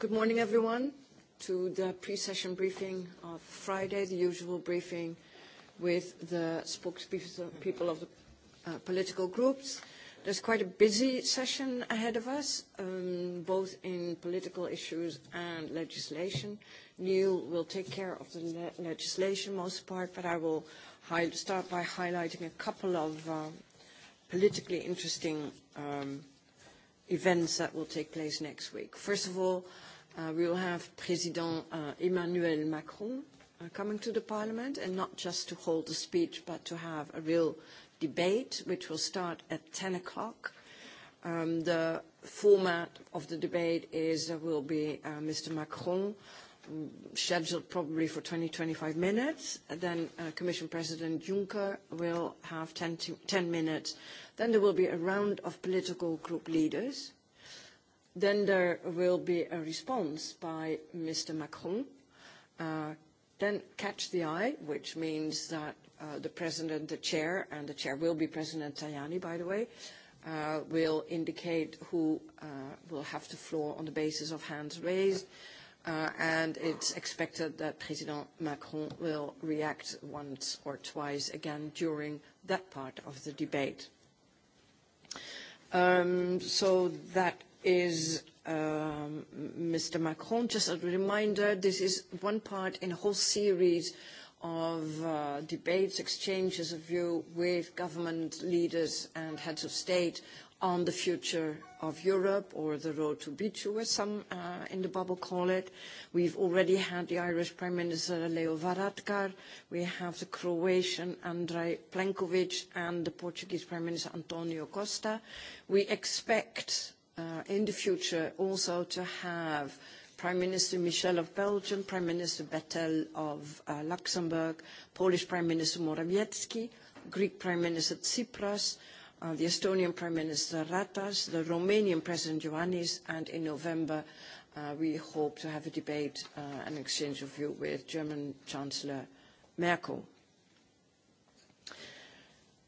Good morning, everyone, to the pre-session briefing of Friday, the usual briefing with the spokespeople of the political groups. There's quite a busy session ahead of us, both in political issues and legislation. Neil will take care of the legislation most part, but I will start by highlighting a couple of politically interesting events that will take place next week. First of all, we will have President Emmanuel Macron coming to the Parliament, and not just to hold a speech, but to have a real debate, which will start at 10 o'clock. The format of the debate is there will be Mr. Macron scheduled probably for 20-25 minutes. Then Commission President Juncker will have 10 minutes. Then there will be a round of political group leaders Then there will be a response by Mr. Macron. Then catch the eye, which means that the President, the Chair, and the Chair will be President Tajani, by the way, will indicate who will have the floor on the basis of hands raised. And it's expected that President Macron will react once or twice again during that part of the debate. So that is Mr. Macron. Just a reminder, this is one part in a whole series of debates, exchanges of view with government leaders and heads of state on the future of Europe or the road to Bichu, as some in the bubble call it. We've already had the Irish Prime Minister Leo Varadkar. We have the Croatian Andrei Plenković and the Portuguese Prime Minister Antonio Costa. We expect in the future also to have Prime Minister Michel of Belgium, Prime Minister Bettel of Luxembourg, Polish Prime Minister Morawiecki, Greek Prime Minister Tsipras, the Estonian Prime Minister Ratas, the Romanian President Ioannis, and in November we hope to have a debate, and exchange of view with German Chancellor Merkel.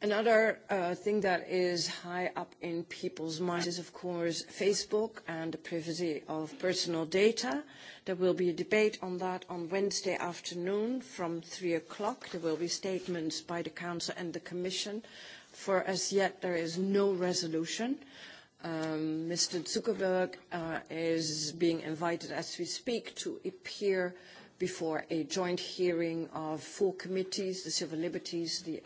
Another thing that is high up in people's minds is, of course, Facebook and the privacy of personal data. There will be a debate on that on Wednesday afternoon from 3 o'clock. There will be statements by the Council and the Commission. For as yet, there is no resolution. Mr. Zuckerberg is being invited, as we speak, to appear before a joint hearing of four committees, the Civil Liberties, the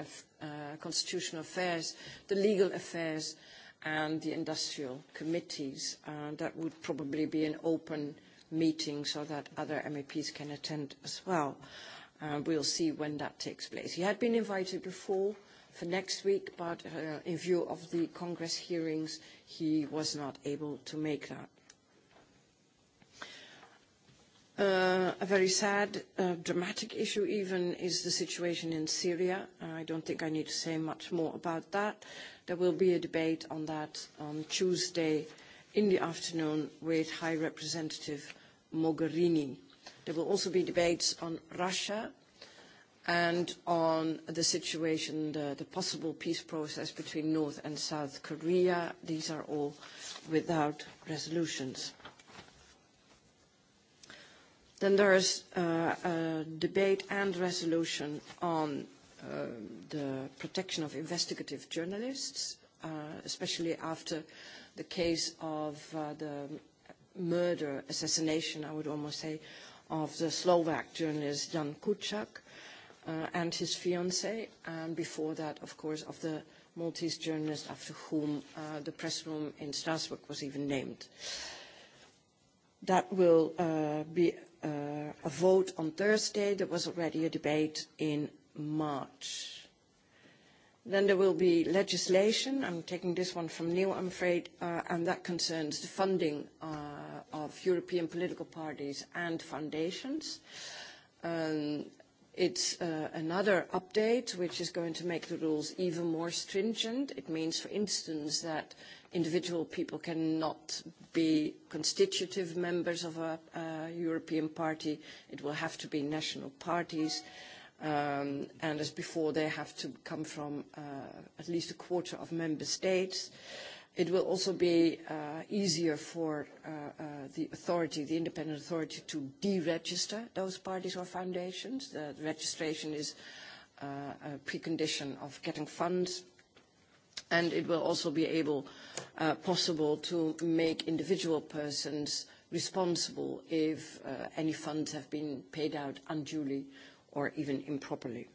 constitutional affairs, the legal affairs and the industrial committees. That would probably be an open meeting so that other MEPs can attend as well. We'll see when that takes place. He had been invited before for next week, but in view of the Congress hearings, he was not able to make that. A very sad, dramatic issue even is the situation in Syria. I don't think I need to say much more about that. There will be a debate on that on Tuesday in the afternoon with High Representative Mogherini. There will also be debates on Russia and on the situation, the possible peace process between North and South Korea. These are all without resolutions. Then there is a debate and resolution on the protection of investigative journalists, especially after the case of the murder, assassination, I would almost say, of the Slovak journalist Jan Kuciak and his fiancée, and before that, of course, of the Maltese journalist after whom the press room in Strasbourg was even named. That will be a vote on Thursday. There was already a debate in March. Then there will be legislation. I'm taking this one from Neil, I'm afraid, and that concerns the funding of European political parties and foundations. It's another update which is going to make the rules even more stringent. It means, for instance, that individual people cannot be constitutive members of a European party. It will have to be national parties. And as before, they have to come from at least a quarter of member states. It will also be easier for the authority, the independent authority, to deregister those parties or foundations. The registration is a precondition of getting funds and it will also be able possible to make individual persons responsible if any funds have been paid out unduly or even improperly.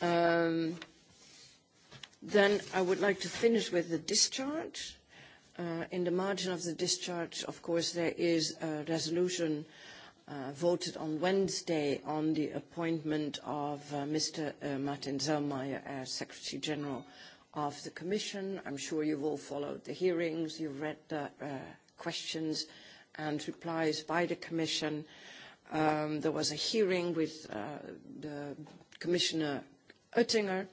Then I would like to finish with the discharge. In the margin of the discharge, of course, there is a resolution voted on Wednesday on the appointment of Mr. Martin Zellmeyer as Secretary General of the Commission. I'm sure you've all followed the hearings, you've read the questions and replies by the Commission. There was a hearing with the Commissioner Oettinger.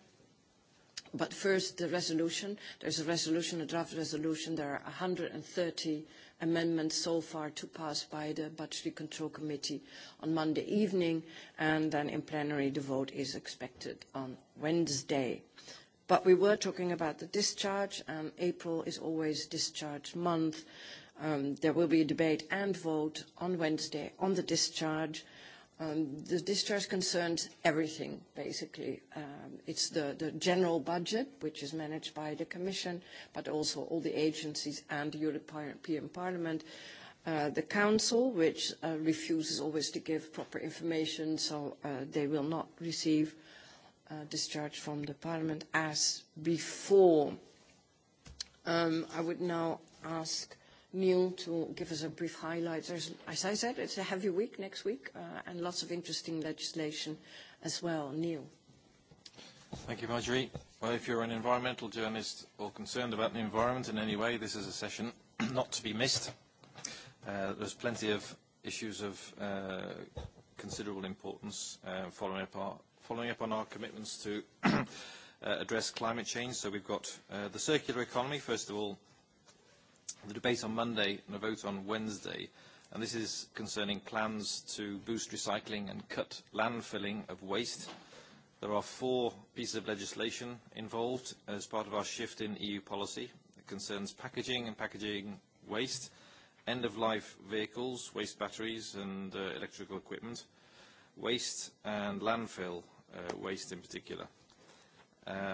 But first, the resolution. There's a resolution, a draft resolution. There are 130 amendments so far to pass by the Budgetary Control Committee on Monday evening, and then in plenary the vote is expected on Wednesday. But we were talking about the discharge, and April is always discharge month. There will be a debate and vote on Wednesday on the discharge The discharge concerns everything, basically. It's the general budget, which is managed by the Commission, but also all the agencies and the European Parliament. The Council, which refuses always to give proper information, so they will not receive discharge from the Parliament as before. I would now ask Neil to give us a brief highlight. As I said, it's a heavy week next week and lots of interesting legislation as well. Neil. Thank you, Marjorie. Well, if you're an environmental journalist or concerned about the environment in any way, this is a session not to be missed. There's plenty of issues of considerable importance following up on our commitments to address climate change. So we've got the circular economy, first of all, The debate on Monday and a vote on Wednesday, and this is concerning plans to boost recycling and cut landfilling of waste. There are four pieces of legislation involved as part of our shift in EU policy. It concerns packaging and packaging waste, end-of-life vehicles, waste batteries and electrical equipment, waste and landfill waste in particular.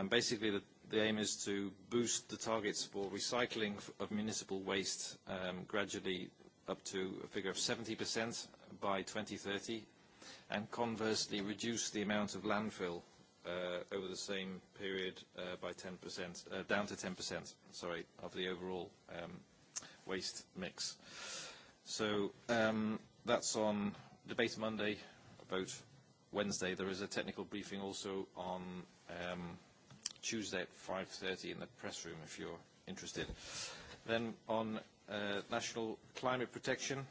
Basically, the the aim is to boost the targets for recycling of municipal waste gradually up to a figure of 70% by 2030, and conversely reduce the amount of landfill over the same period by 10%, down to 10%, sorry, of the overall waste mix. So that's on debate Monday, vote Wednesday. There is a technical briefing also on Tuesday at 5.30 in the press room if you're interested. Then on national climate protection,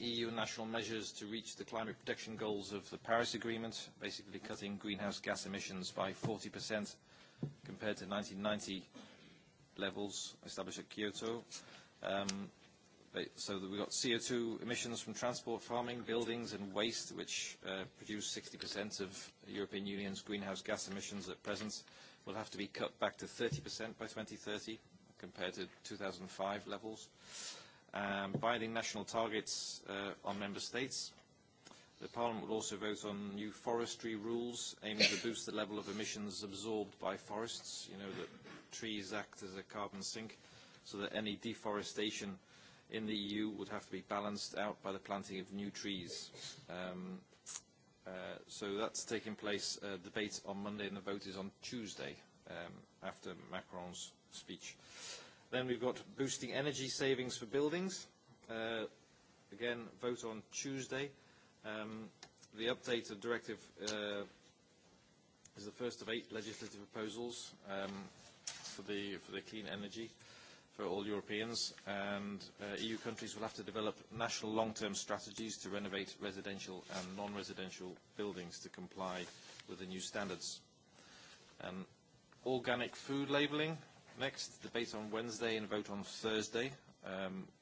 EU national measures to reach the climate protection goals of the Paris Agreement, basically cutting greenhouse gas emissions by 40% compared to 1990 levels established at Kyoto. Um So that we've got CO2 emissions from transport, farming, buildings and waste, which produce 60% of the European Union's greenhouse gas emissions at present, will have to be cut back to 30% by 2030 compared to 2005 levels. Binding national targets on member states. The Parliament will also vote on new forestry rules aiming to boost the level of emissions absorbed by forests. You know that trees act as a carbon sink, so that any deforestation in the EU would have to be balanced out by the planting of new trees. So that's taking place, debate on Monday and the vote is on Tuesday after Macron's speech. Then we've got boosting energy savings for buildings. Again, vote on Tuesday. The update of directive is the first of eight legislative proposals for the clean energy for all Europeans, and EU countries will have to develop national long-term strategies to renovate residential and non-residential buildings to comply with the new standards. Organic food labelling. Next, debate on Wednesday and vote on Thursday.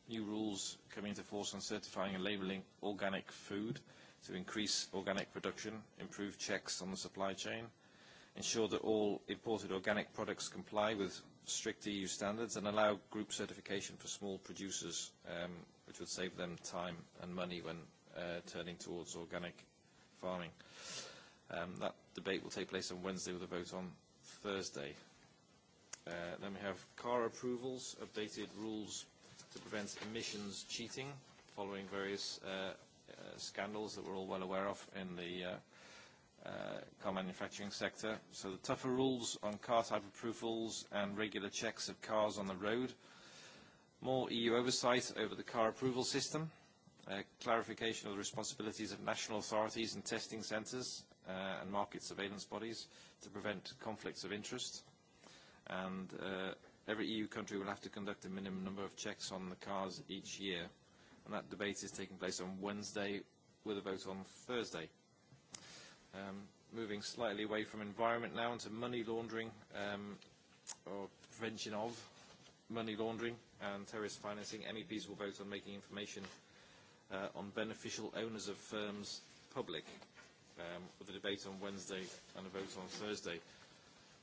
New rules come into force on certifying and labelling organic food to increase organic production, improve checks on the supply chain, ensure that all imported organic products comply with strict EU standards and allow group certification for small producers, which would save them time and money when turning towards organic farming. That debate will take place on Wednesday with a vote on Thursday. Then we have car approvals, updated rules to prevent emissions cheating following various scandals that we're all well aware of in the car manufacturing sector. So the tougher rules on car type approvals and regular checks of cars on the road. More EU oversight over the car approval system. Clarification of the responsibilities of national authorities and testing centres and market surveillance bodies to prevent conflicts of interest. And every EU country will have to conduct a minimum number of checks on the cars each year. And that debate is taking place on Wednesday with a vote on Thursday moving slightly away from environment now into money laundering or prevention of money laundering and terrorist financing. MEPs will vote on making information on beneficial owners of firms public with a debate on Wednesday and a vote on Thursday.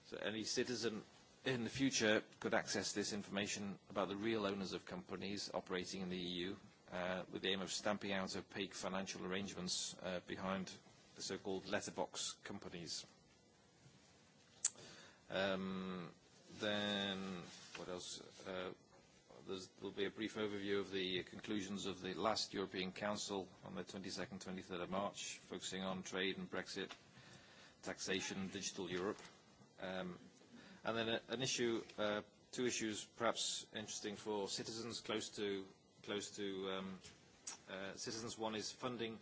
So any citizen in the future could access this information about the real owners of companies operating in the EU with the aim of stamping out opaque financial arrangements behind the so-called letterbox companies. Then, what else? There will be a brief overview of the conclusions of the last European Council on the 22nd, 23rd of March, focusing on trade and Brexit, taxation, digital Europe. And then an issue, two issues perhaps interesting for citizens close to close to citizens. One is funding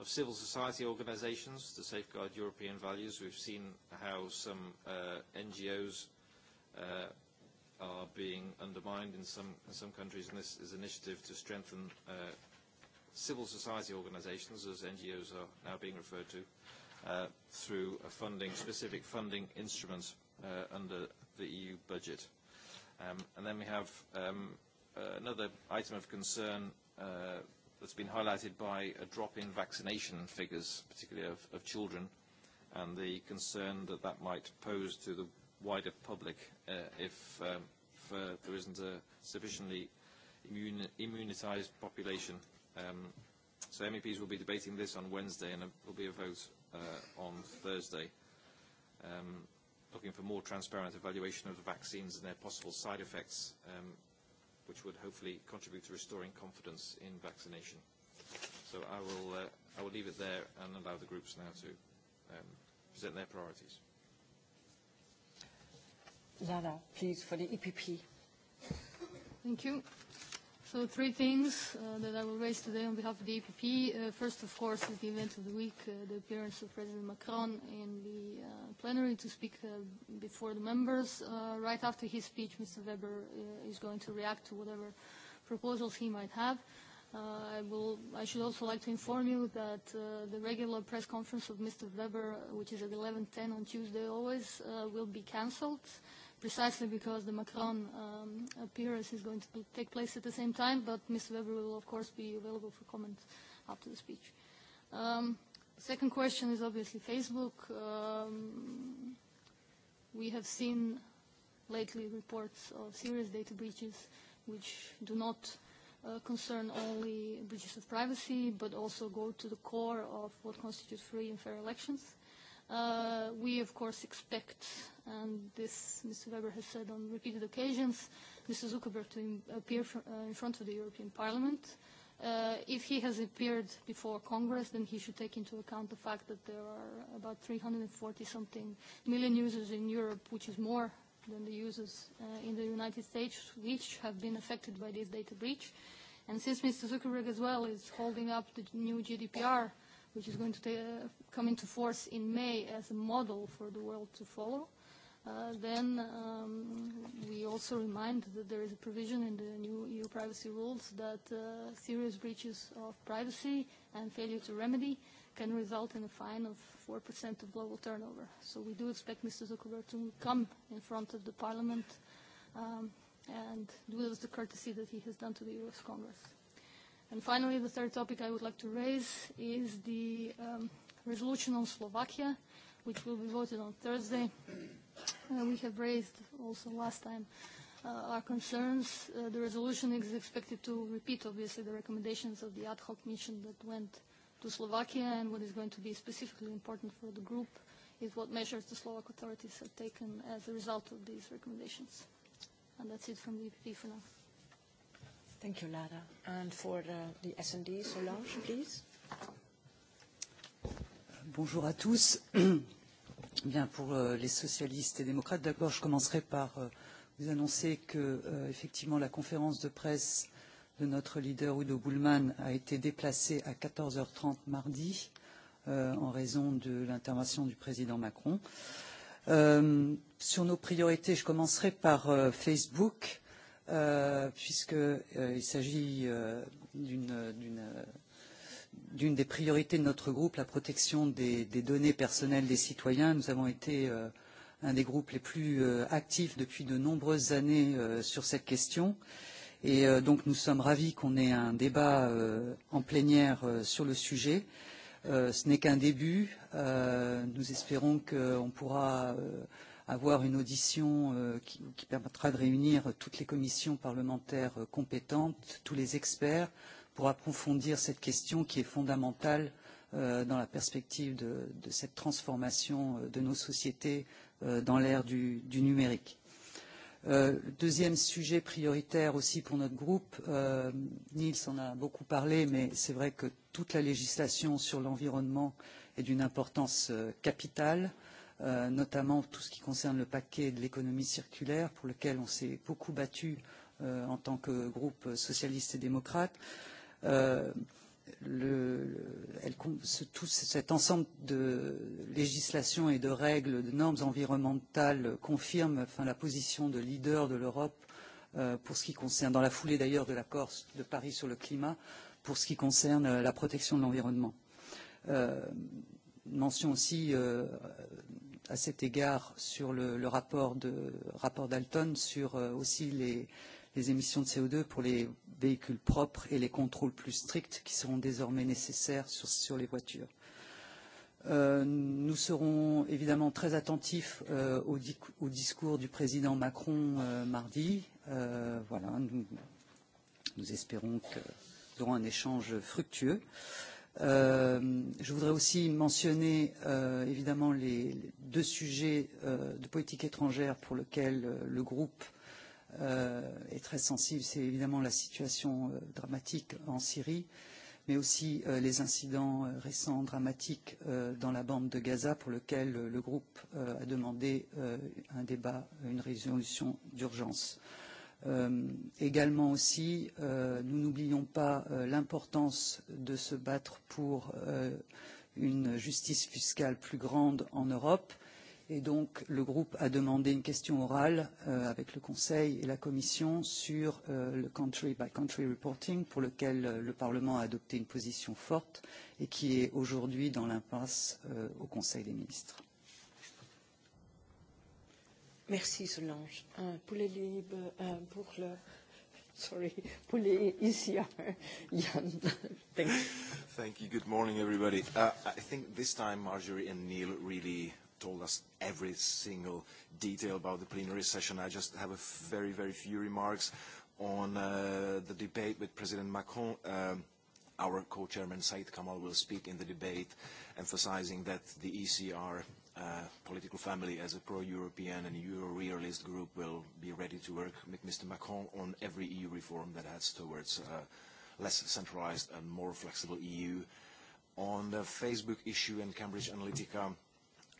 of civil society organisations to safeguard European values. We've seen how some NGOs are being undermined in some some countries, and this is an initiative to strengthen civil society organisations, as NGOs are now being referred to, through funding specific funding instruments under the EU budget. And then we have another item of concern that's been highlighted by a drop in vaccination figures, particularly of children, and the concern that that might pose to the wider public if there isn't a sufficiently immunized population. So MEPs will be debating this on Wednesday and there will be a vote on Thursday, looking for more transparent evaluation of the vaccines and their possible side effects which would hopefully contribute to restoring confidence in vaccination. So I will I will leave it there and allow the groups now to present their priorities. Lana, please, for the EPP. Thank you. So three things that I will raise today on behalf of the EPP. First, of course, is the event of the week, the appearance of President Macron in the plenary to speak before the members. Right after his speech, Mr. Weber is going to react to whatever proposals he might have. I will. I should also like to inform you that the regular press conference of Mr. Weber, which is at 11:10 on Tuesday always, will be cancelled precisely because the Macron appearance is going to take place at the same time, but Mr. Weber will, of course, be available for comment after the speech. Second question is obviously Facebook. We have seen lately reports of serious data breaches which do not concern only breaches of privacy, but also go to the core of what constitutes free and fair elections. We, of course, expect, and this Mr. Weber has said on repeated occasions, Mr. Zuckerberg to appear in front of the European Parliament. If he has appeared before Congress, then he should take into account the fact that there are about 340-something million users in Europe, which is more than the users in the United States, which have been affected by this data breach. And since Mr. Zuckerberg as well is holding up the new GDPR which is going to come into force in May as a model for the world to follow. Then we also remind that there is a provision in the new EU privacy rules that serious breaches of privacy and failure to remedy can result in a fine of 4% of global turnover. So we do expect Mr. Zuckerberg to come in front of the Parliament and do us the courtesy that he has done to the U.S. Congress. And finally, the third topic I would like to raise is the resolution on Slovakia, which will be voted on Thursday. We have raised also last time our concerns. The resolution is expected to repeat, obviously, the recommendations of the ad hoc mission that went to Slovakia, and what is going to be specifically important for the group is what measures the Slovak authorities have taken as a result of these recommendations. And that's it from the EPP for now. Thank you, Lara. And for the S&D, Solange, please. Bonjour à tous. Bien, pour les socialistes et démocrates, d'abord, je commencerai par vous annoncer que, effectivement, la conférence de presse de notre leader Udo Bullman a été déplacée à 14h30 mardi en raison de l'intervention du président Macron. Sur nos priorités, je commencerai par Facebook puisqu'il s'agit d'une des priorités de notre groupe, la protection des données personnelles des citoyens. Nous avons été un des groupes les plus actifs depuis de nombreuses années sur cette question. Et donc nous sommes ravis qu'on ait un débat en plénière sur le sujet. Ce n'est qu'un début. Nous espérons qu'on pourra avoir une audition qui permettra de réunir toutes les commissions parlementaires compétentes, tous les experts, pour approfondir cette question qui est fondamentale dans la perspective de cette transformation de nos sociétés dans l'ère du numérique. Deuxième sujet prioritaire aussi pour notre groupe, Niels en a beaucoup parlé, mais c'est vrai que toute la législation sur l'environnement est d'une importance capitale notamment tout ce qui concerne le paquet de l'économie circulaire, pour lequel on s'est beaucoup battu en tant que groupe socialiste et démocrate. cet ensemble de législations et de règles, de normes environnementales confirme la position de leader de l'Europe pour ce qui concerne, dans la foulée d'ailleurs de l'accord de Paris sur le climat, pour ce qui concerne la protection de l'environnement. Mention aussi à cet égard sur le rapport Dalton sur aussi les émissions de CO2 pour les véhicules propres et les contrôles plus stricts qui seront désormais nécessaires sur les voitures. Nous serons évidemment très attentifs au discours du président Macron mardi. Voilà, nous espérons que nous aurons un échange fructueux. Je voudrais aussi mentionner évidemment les deux sujets de politique étrangère pour lesquels le groupe est très sensible. C'est évidemment la situation dramatique en Syrie, mais aussi les incidents récents dramatiques dans la bande de Gaza pour lesquels le groupe a demandé un débat, une résolution d'urgence. Également aussi, nous n'oublions pas l'importance de se battre pour une justice fiscale plus grande en Europe. Et donc, le groupe a demandé une question orale avec le Conseil et la Commission sur le country-by-country reporting, pour lequel le Parlement a adopté une position forte et qui est aujourd'hui dans l'impasse au Conseil des ministres. Merci Solange. Pour les libres, pour le, sorry, pour les ECR, Jan, thank you. Thank you. Good morning, everybody. I think this time Marjorie and Neil really told us every single detail about the plenary session. I just have a very, very few remarks on uh the debate with President Macron. Um Our co-chairman Said Kamal will speak in the debate, emphasizing that the ECR political family as a pro-European and Euro-realist group will be ready to work with Mr. Macron on every EU reform that heads towards a less centralized and more flexible EU. On the Facebook issue and Cambridge Analytica,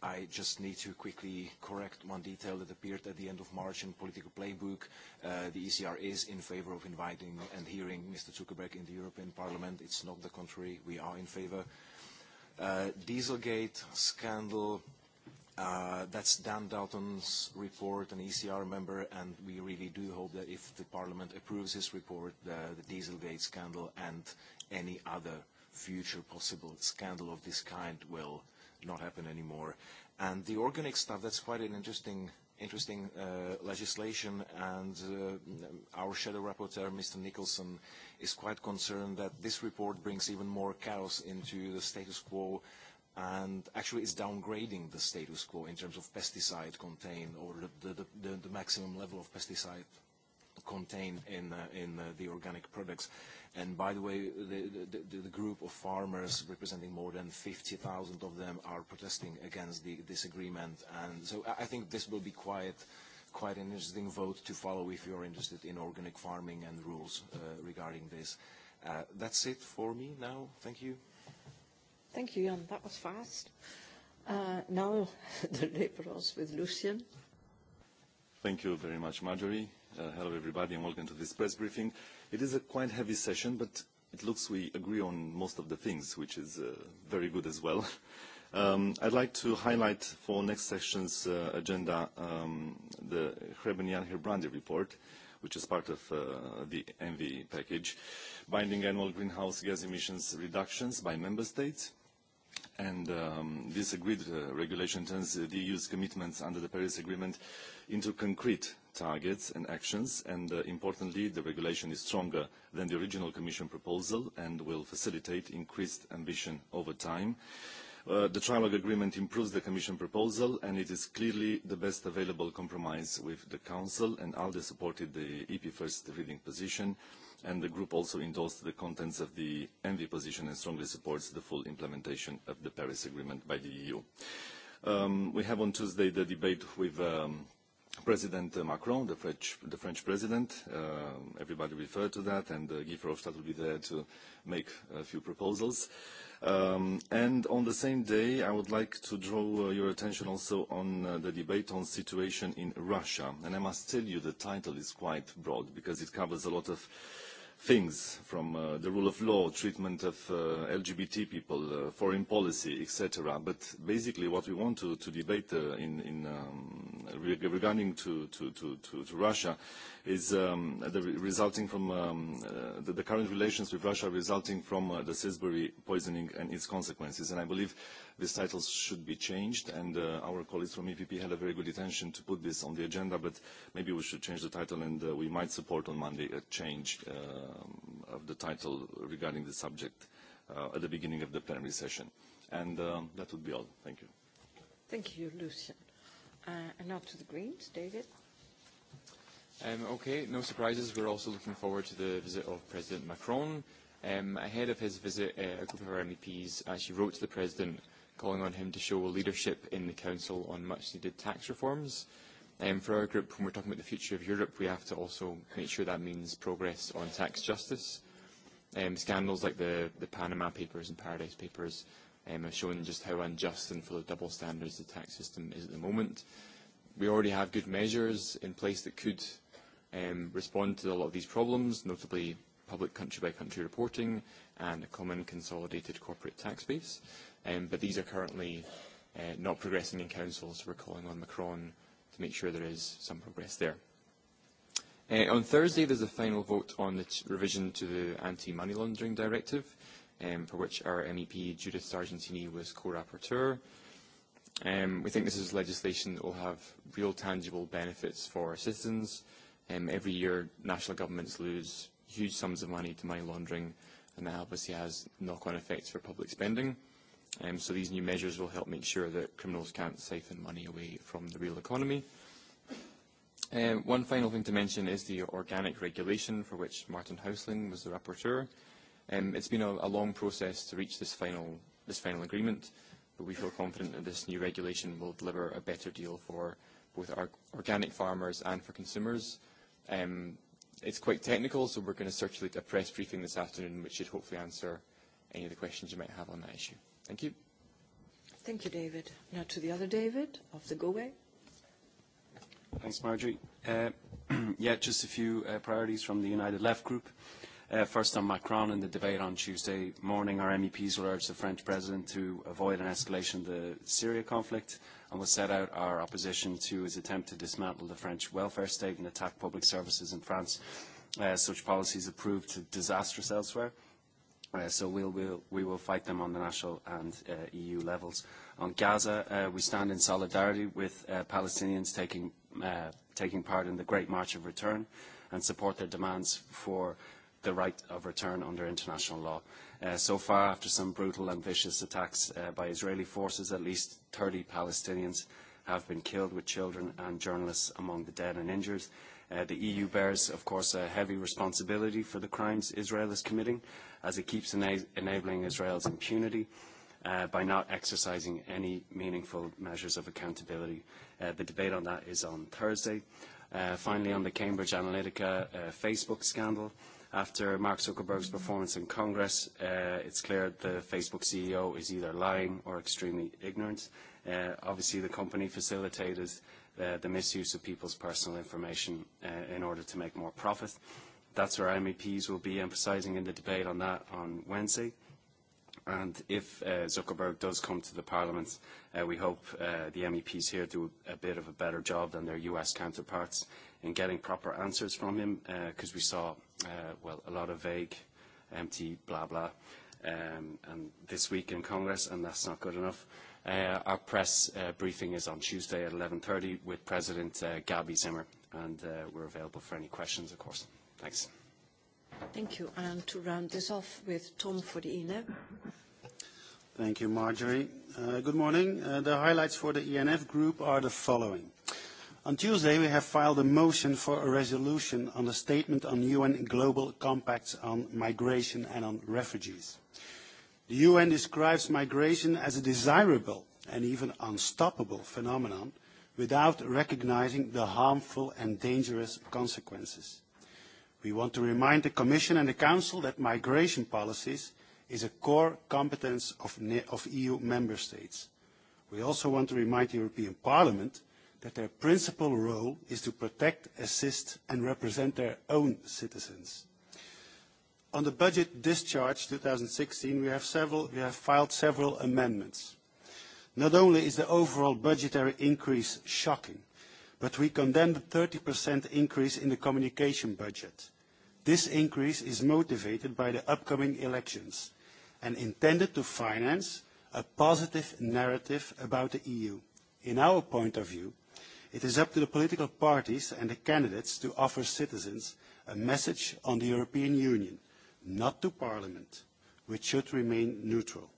I just need to quickly correct one detail that appeared at the end of March in Political Playbook. The ECR is in favor of inviting and hearing Mr. Zuckerberg in the European Parliament. It's not the contrary. We are in favor. Dieselgate scandal That's Dan Dalton's report, an ECR member, and we really do hope that if the Parliament approves his report, the Dieselgate scandal and any other future possible scandal of this kind will not happen anymore. And the organic stuff, that's quite an interesting interesting legislation, and our shadow rapporteur, Mr. Nicholson, is quite concerned that this report brings even more chaos into the status quo and actually is downgrading the status quo in terms of pesticide contained or the maximum level of pesticide contained in in the organic products. And by the way, the group of farmers representing more than 50,000 of them are protesting against this agreement. And so I think this will be quite quite an interesting vote to follow if you're interested in organic farming and rules regarding this. That's it for me now. Thank you. Thank you, Jan. That was fast. Now the liberals with Lucien. Thank you very much, Marjorie. Hello, everybody, and welcome to this press briefing. It is a quite heavy session, but it looks we agree on most of the things, which is very good as well. I'd like to highlight for next session's agenda the Jan Herbrandi report, which is part of the ENVI package, binding annual greenhouse gas emissions reductions by member states and this agreed regulation turns the EU's commitments under the Paris Agreement into concrete targets and actions, and importantly, the regulation is stronger than the original Commission proposal and will facilitate increased ambition over time. The trilogue agreement improves the Commission proposal and it is clearly the best available compromise with the Council and ALDE supported the EP first reading position and the group also endorsed the contents of the ENVI position and strongly supports the full implementation of the Paris Agreement by the EU. We have on Tuesday the debate with President Macron, the French, president, everybody referred to that, and Guy Verhofstadt will be there to make a few proposals. And on the same day, I would like to draw your attention also on the debate on situation in Russia. And I must tell you, the title is quite broad because it covers a lot of things from the rule of law, treatment of LGBT people, foreign policy, etc. But basically what we want to debate in regarding to Russia is the resulting from the current relations with Russia resulting from the Sisbury poisoning and its consequences. And I believe these titles should be changed, and our colleagues from EPP had a very good intention to put this on the agenda, but maybe we should change the title, and we might support on Monday a change of the title regarding the subject at the beginning of the plenary session. And that would be all. Thank you. Thank you, Lucien. And now to the Greens, David. Okay, no surprises. We're also looking forward to the visit of President Macron. Ahead of his visit, a group of our MEPs actually wrote to the President calling on him to show leadership in the Council on much-needed tax reforms. For our group, when we're talking about the future of Europe, we have to also make sure that means progress on tax justice. Scandals like the Panama Papers and Paradise Papers have shown just how unjust and full of double standards the tax system is at the moment. We already have good measures in place that could respond to a lot of these problems, notably public country-by-country reporting, and a common consolidated corporate tax base. But these are currently not progressing in Council, so we're calling on Macron to make sure there is some progress there. On Thursday, there's a final vote on the revision to the Anti-Money Laundering Directive, for which our MEP Judith Sargentini was co-rapporteur. We think this is legislation that will have real tangible benefits for citizens. Every year, national governments lose huge sums of money to money laundering, and that obviously has knock-on effects for public spending. So these new measures will help make sure that criminals can't siphon money away from the real economy. One final thing to mention is the organic regulation for which Martin Hausling was the rapporteur. It's been a long process to reach this final this final agreement, but we feel confident that this new regulation will deliver a better deal for both our organic farmers and for consumers. Um It's quite technical, so we're going to circulate a press briefing this afternoon, which should hopefully answer any of the questions you might have on that issue. Thank you. Thank you, David. Now to the other David of the GOWAY. Thanks, Marjorie. Yeah, just a few priorities from the United Left Group. First on Macron in the debate on Tuesday morning, our MEPs will urge the French President to avoid an escalation of the Syria conflict and will set out our opposition to his attempt to dismantle the French welfare state and attack public services in France. Such policies have proved disastrous elsewhere, so we will fight them on the national and EU levels. On Gaza, we stand in solidarity with Palestinians taking part in the Great March of Return and support their demands for the right of return under international law. So far, after some brutal and vicious attacks by Israeli forces, at least 30 Palestinians have been killed, with children and journalists among the dead and injured. The EU bears, of course, a heavy responsibility for the crimes Israel is committing, as it keeps enabling Israel's impunity by not exercising any meaningful measures of accountability. The debate on that is on Thursday. Finally, on the Cambridge Analytica Facebook scandal, After Mark Zuckerberg's performance in Congress, it's clear the Facebook CEO is either lying or extremely ignorant. Obviously, the company facilitated the misuse of people's personal information in order to make more profit. That's where MEPs will be emphasizing in the debate on that on Wednesday. And if Zuckerberg does come to the Parliament, we hope the MEPs here do a bit of a better job than their US counterparts in getting proper answers from him because we saw, well, a lot of vague, empty blah blah and this week in Congress, and that's not good enough. Our press briefing is on Tuesday at 11.30 with President Gabby Zimmer, and we're available for any questions, of course. Thanks. Thank you. And to round this off with Tom for the ENF. Thank you, Marjorie. Good morning. The highlights for the ENF group are the following. On Tuesday, we have filed a motion for a resolution on the statement on UN global compacts on migration and on refugees. The UN describes migration as a desirable and even unstoppable phenomenon without recognizing the harmful and dangerous consequences. We want to remind the Commission and the Council that migration policies is a core competence of EU member states. We also want to remind the European Parliament that their principal role is to protect, assist and represent their own citizens. On the budget discharge 2016, we have filed several amendments. Not only is the overall budgetary increase shocking, but we condemn the 30% increase in the communication budget. This increase is motivated by the upcoming elections and intended to finance a positive narrative about the EU. In our point of view, It is up to the political parties and the candidates to offer citizens a message on the European Union, not to Parliament, which should remain neutral.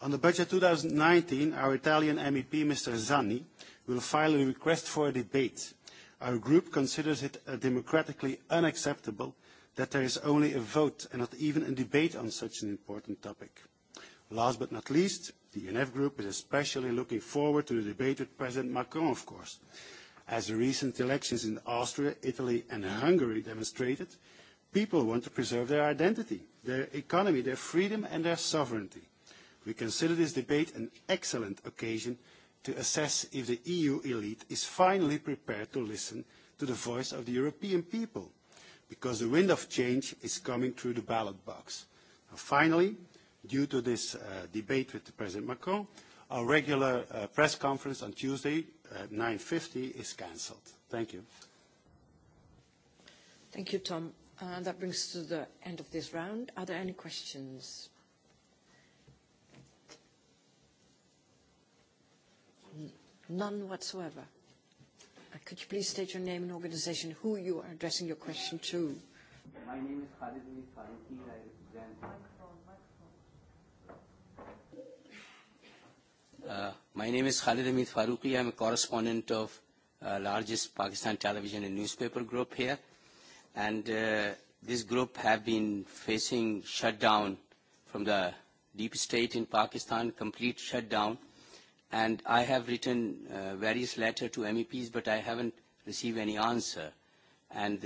On the budget 2019, our Italian MEP, Mr. Zanni, will file a request for a debate. Our group considers it democratically unacceptable that there is only a vote and not even a debate on such an important topic. Last but not least, The ENF Group is especially looking forward to the debate with President Macron, of course. As the recent elections in Austria, Italy and Hungary demonstrated, people want to preserve their identity, their economy, their freedom and their sovereignty. We consider this debate an excellent occasion to assess if the EU elite is finally prepared to listen to the voice of the European people, because the wind of change is coming through the ballot box. Finally, due to this debate with President Macron, our regular press conference on Tuesday at 9.50 is cancelled. Thank you. Thank you, Tom. That brings us to the end of this round. Are there any questions? None whatsoever. Could you please state your name and organization, who you are addressing your question to? My name is Khalid I represent My name is Khalid Amit Faruqi. I'm a correspondent of largest Pakistan television and newspaper group here. And this group have been facing shutdown from the deep state in Pakistan, complete shutdown. And I have written various letters to MEPs, but I haven't received any answer. And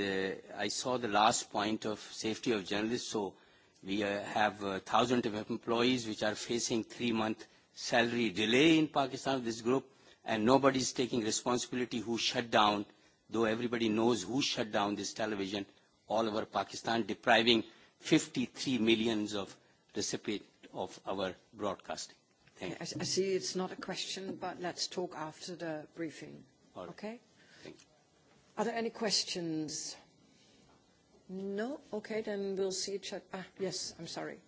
I saw the last point of safety of journalists. So we have thousands of employees which are facing three-month salary delay in Pakistan, this group, and nobody is taking responsibility who shut down, though everybody knows who shut down this television all over Pakistan, depriving 53 millions of recipients of our broadcasting. Thank I see it's not a question, but let's talk after the briefing. Okay? Are there any questions? No? Okay, then we'll see each other. Ah, yes, I'm sorry.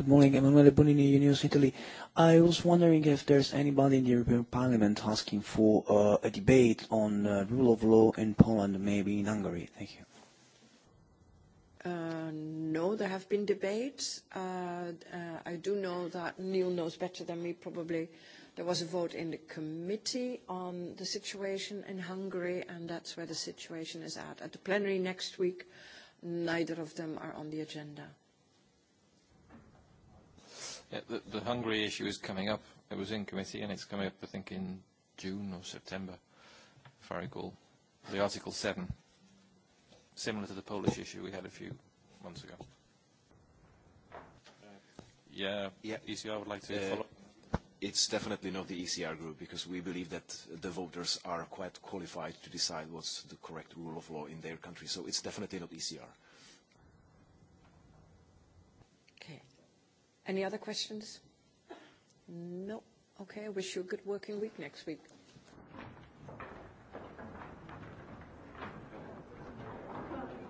Good morning, Emanuele Bonini, Unius Italy. I was wondering if there's anybody in the European Parliament asking for a debate on rule of law in Poland, maybe in Hungary. Thank you. No, there have been debates. I do know that Neil knows better than me probably. There was a vote in the committee on the situation in Hungary, and that's where the situation is at. At the plenary next week, neither of them are on the agenda. The Hungary issue is coming up. It was in committee and it's coming up, I think, in June or September, if I recall. The Article 7, similar to the Polish issue we had a few months ago. Yeah, ECR would like to follow. It's definitely not the ECR group because we believe that the voters are quite qualified to decide what's the correct rule of law in their country. So it's definitely not ECR. Any other questions? No. Okay. I wish you a good working week next week.